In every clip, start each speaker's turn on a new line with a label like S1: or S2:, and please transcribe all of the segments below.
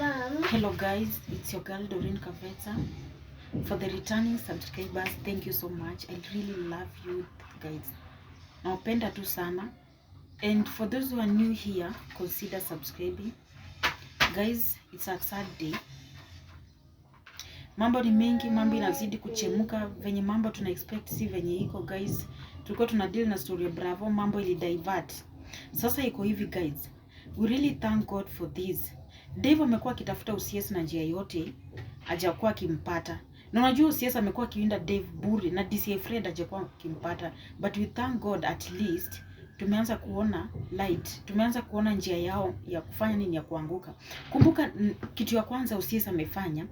S1: Islam. Hello guys, it's your girl Doreen Kaveta. For the returning subscribers, thank you so much. I really love you guys. Nawapenda tu sana. And for those who are new here, consider subscribing. Guys, it's a sad day. Mambo ni mengi, mambo inazidi kuchemuka. Venye mambo tuna expect si venye iko guys. Tulikuwa tuna deal na story ya Bravo, mambo ili divert. Sasa iko hivi guys. We really thank God for this. Dave amekuwa akitafuta UCS na njia yote hajakuwa akimpata. Na unajua UCS amekuwa akiwinda Dave bure na DCI Fred hajakuwa akimpata. But we thank God at least tumeanza kuona light, tumeanza kuona njia yao ya kufanya nini, ya kuanguka. Kumbuka mm, kitu ya kwanza UCS amefanya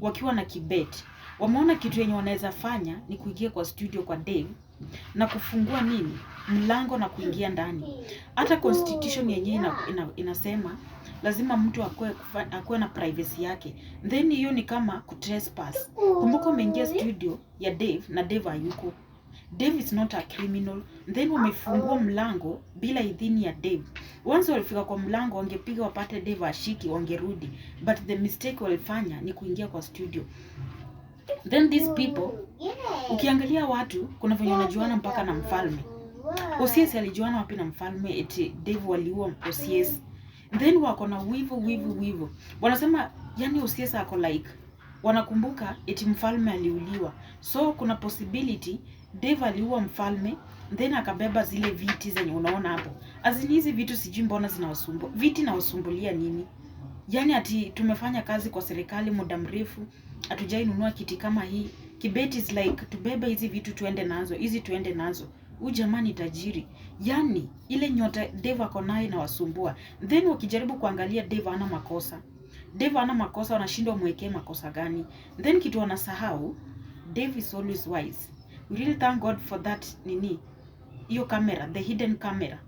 S1: wakiwa na kibet, wameona kitu yenye wanaweza fanya ni kuingia kwa studio kwa Dave na kufungua nini mlango na kuingia ndani. Hata constitution yenyewe ina, ina, inasema lazima mtu akue, akue na privacy yake, then hiyo ni kama ku trespass. Kumbuka umeingia studio ya Dave na Dave hayuko. Dave is not a criminal. Then wamefungua mlango bila idhini ya Dave. Once walifika kwa mlango, wangepiga wapate Dave ashiki, wangerudi, but the mistake walifanya ni kuingia kwa studio. Then these people, ukiangalia watu, kuna venye wanajuana mpaka na mfalme. OCS alijuana wapi na mfalme? Eti Dave waliua OCS then wako na wivu wivu wivu, wanasema yani usiesa ako like wanakumbuka eti mfalme aliuliwa, so kuna possibility Dave aliua mfalme then akabeba zile viti zenye unaona hapo. Azini hizi vitu sijui mbona zinawasumbua viti, nawasumbulia nini? Yani ati tumefanya kazi kwa serikali muda mrefu, hatujainunua kiti kama hii. Kibeti is like tubebe hizi vitu tuende nazo, hizi tuende nazo huu jamani tajiri. yani ile nyota Dave ako naye inawasumbua. Then wakijaribu kuangalia Dave ana makosa. Dave ana makosa, wanashindwa mwekee makosa gani? Then kitu wanasahau, Dave is always wise. We really thank God for that nini. Hiyo kamera, the hidden camera.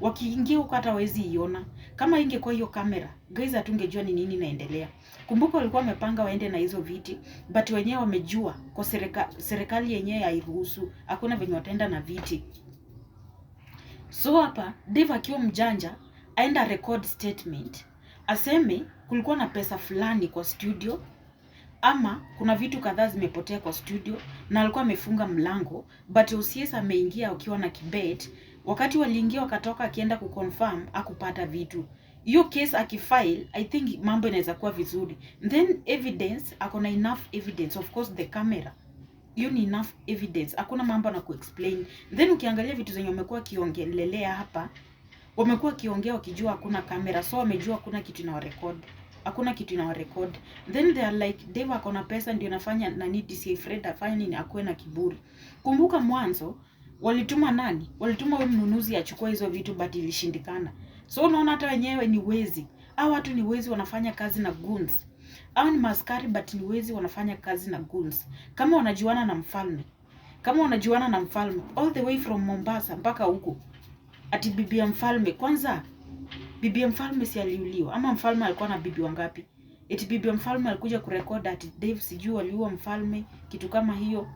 S1: Wakiingia huko hata hawezi iona. Kama ingekuwa hiyo kamera, guys, hatungejua ni nini inaendelea. Kumbuka walikuwa wamepanga waende na hizo viti, but wenyewe wamejua kwa serikali, serikali yenyewe hairuhusu, hakuna venye wataenda na viti. So hapa Dave akiwa mjanja aenda record statement aseme kulikuwa na pesa fulani kwa studio ama kuna vitu kadhaa zimepotea kwa studio, na alikuwa amefunga mlango, but OCS ameingia akiwa na kibet. Wakati waliingia wakatoka, akienda kuconfirm akupata vitu hiyo case akifile, I think mambo inaweza kuwa vizuri, then evidence akona enough evidence, of course the camera hiyo ni enough evidence, hakuna mambo na kuexplain. Then ukiangalia vitu zenye wamekuwa kiongelelea hapa, wamekuwa kiongea wakijua hakuna kamera, so wamejua hakuna kitu inawarekod, hakuna kitu inawarekod. Then they are like Dave ako na pesa, ndio nafanya nani DCI Fred afanye nini, akuwe na kiburi. Kumbuka mwanzo walituma nani, walituma huyo mnunuzi achukua hizo vitu, but ilishindikana. So unaona hata wenyewe ni wezi. Hao watu ni wezi wanafanya kazi na goons. Hao ni maskari but ni wezi wanafanya kazi na goons. Kama wanajuana na mfalme. Kama wanajuana na mfalme all the way from Mombasa mpaka huko. Ati bibi ya mfalme kwanza bibi ya mfalme si aliuliwa ama mfalme alikuwa na bibi wangapi? Eti bibi ya mfalme alikuja kurekodi ati Dave sijui aliua mfalme kitu kama hiyo.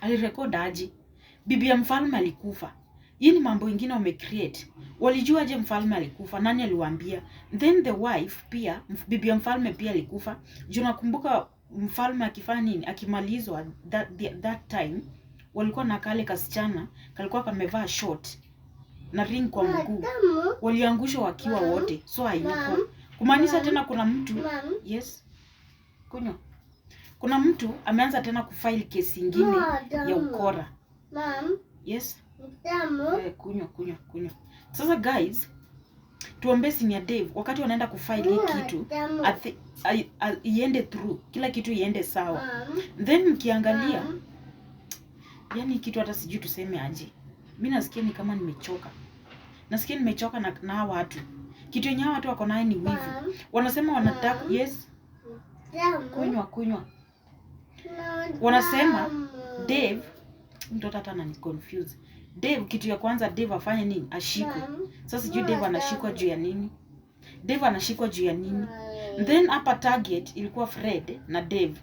S1: Alirekodi aje? Bibi ya mfalme alikufa. Hii ni mambo ingine wamecreate. Walijuaje mfalme alikufa? Nani aliwaambia? Then the wife pia, bibi ya mfalme pia alikufa. Juu nakumbuka mfalme akifanya nini, akimalizwa that, that time walikuwa na kale kasichana kalikuwa kamevaa short na ring kwa mguu, waliangushwa wakiwa wote, so haiko kumaanisha tena kuna mtu Yes, kunywa kuna mtu ameanza tena kufile kesi ingine ya ukora Mom. Yes Eh, kunywa kunywa kunywa. Sasa guys, tuombee senior Dave wakati wanaenda kufile hii kitu iende through, kila kitu iende sawa um, then mkiangalia um, yani kitu hata sijui tuseme aje. Mimi nasikia ni kama nimechoka, nasikia nimechoka na, na watu kitu yenye watu wako naye ni wivu, wanasema wanataka yes, kunywa kunywa, wanasema Dave mtoto hata ananiconfuse Dave, kitu ya kwanza Dave afanye nini? Ashikwe. Sasa sijui Dave anashikwa juu ya nini? Dave anashikwa juu ya nini? Then hapa target ilikuwa Fred na Dave.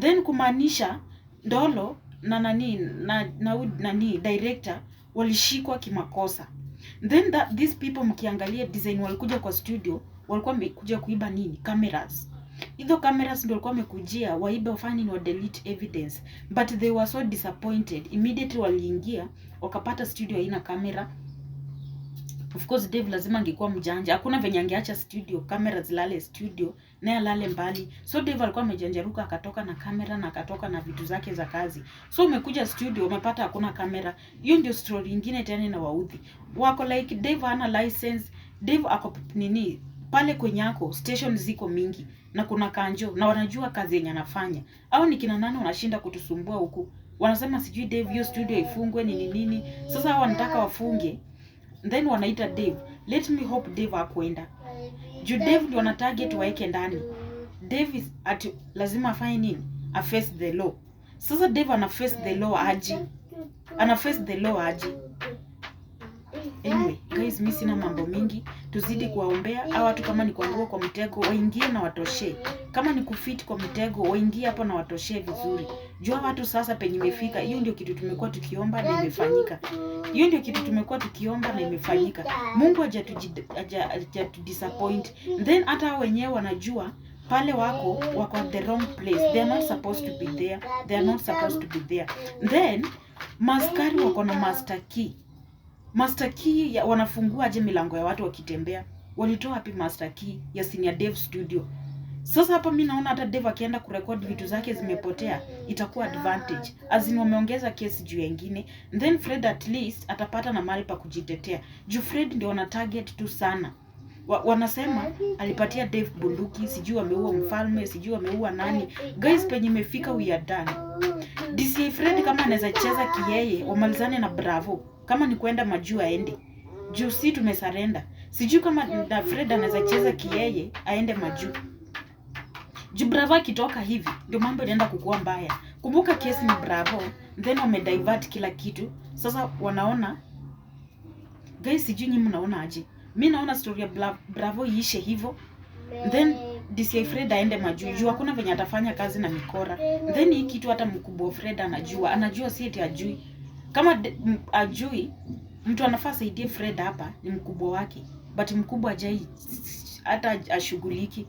S1: Then kumaanisha Ndolo na nani na na nani director walishikwa kimakosa. Then that, these people mkiangalia design walikuja kwa studio walikuwa wamekuja kuiba nini? Cameras hizo cameras ndio walikuwa wamekujia waibe wafanye ni wa delete evidence but they were so disappointed immediately waliingia wakapata studio haina kamera of course Dave lazima angekuwa mjanja hakuna venye angeacha studio kamera zilale studio naye alale mbali so Dave alikuwa amejanjaruka akatoka na kamera na akatoka na vitu zake za kazi so umekuja studio umepata hakuna kamera hiyo ndio story ingine tena na waudhi wako like Dave hana license Dave ako nini pale kwenye yako station ziko mingi na kuna kanjo na wanajua kazi yenye anafanya. Au ni kina nani wanashinda kutusumbua huku? Wanasema sijui Dave, hiyo studio ifungwe nini nini. Sasa hao wanataka wafunge, then wanaita Dave. Let me hope Dave akwenda juu Dave ndio wana target waeke ndani. Dave is at lazima afanye nini? A face the law. Sasa Dave ana face the law aje? Ana face the law aje? Anyway, guys, mimi sina mambo mingi, tuzidi kuwaombea au watu. Kama ni kuangua kwa mtego, waingie na watoshe. Kama ni kufiti kwa mtego, waingie hapo na watoshe vizuri. Jua watu sasa penye imefika. Hiyo ndio kitu tumekuwa tukiomba na imefanyika. Hiyo ndio kitu tumekuwa tukiomba na imefanyika. Mungu disappoint. Then hata wenyewe wanajua pale wako wako at the wrong place, they are not supposed to be there, they are not supposed to be there. Then maskari wako na master key Master key ya aje milango ya watu wakitembea? Walitoa wapi master key ya Senior Dev Studio? Sasa hapa mi naona hata Dev akienda kurekodi vitu zake zimepotea, itakuwa advantage azin, wameongeza kesi juu yengine, then Fred at least atapata na mali pa kujitetea juu Fred ndio wana target tu sana wa, wanasema alipatia Dave bunduki, sijui ameua mfalme, sijui ameua nani. Guys, penye imefika we are done. DC Fred kama anaweza cheza kiyeye, wamalizane na Bravo. Kama ni kwenda majuu aende juu, si tumesarenda. Sijui kama na Fred anaweza cheza kiyeye aende majuu juu. Bravo akitoka hivi ndio mambo inaenda kukua mbaya. Kumbuka kesi ni Bravo, then wamedivert kila kitu. Sasa wanaona guys, sijui nyinyi mnaona aje? mi naona story ya Bla, Bravo iishe hivyo then DCI Fred aende majuu juu, hakuna venye atafanya kazi na mikora. Then hii kitu hata mkubwa Fred anajua, anajua si eti ajui. Kama de, m, ajui mtu anafaa saidie Fred hapa ni mkubwa wake, but mkubwa ajai hata ashughuliki.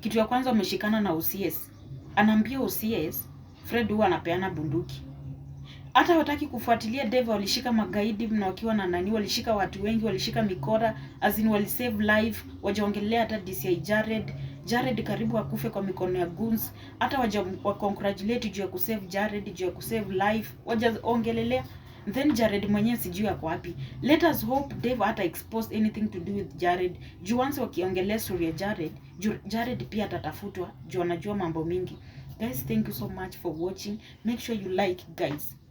S1: Kitu ya kwanza ameshikana na OCS, anaambia OCS Fred huwa anapeana bunduki hata hawataki kufuatilia Dave walishika magaidi na wakiwa na nani, walishika watu wengi, walishika mikora azin, walisave life, wajaongelea hata DCI Jared Jared karibu akufe kwa mikono ya guns, hata waja wa congratulate juu ya kusave Jared, juu ya kusave life, wajaongelelea then Jared mwenyewe sijui ako wapi. Let us hope Dave hata expose anything to do with Jared juu once wakiongelea story ya Jared, Jared pia atatafutwa juu anajua mambo mingi. Guys, thank you so much for watching. Make sure you like guys.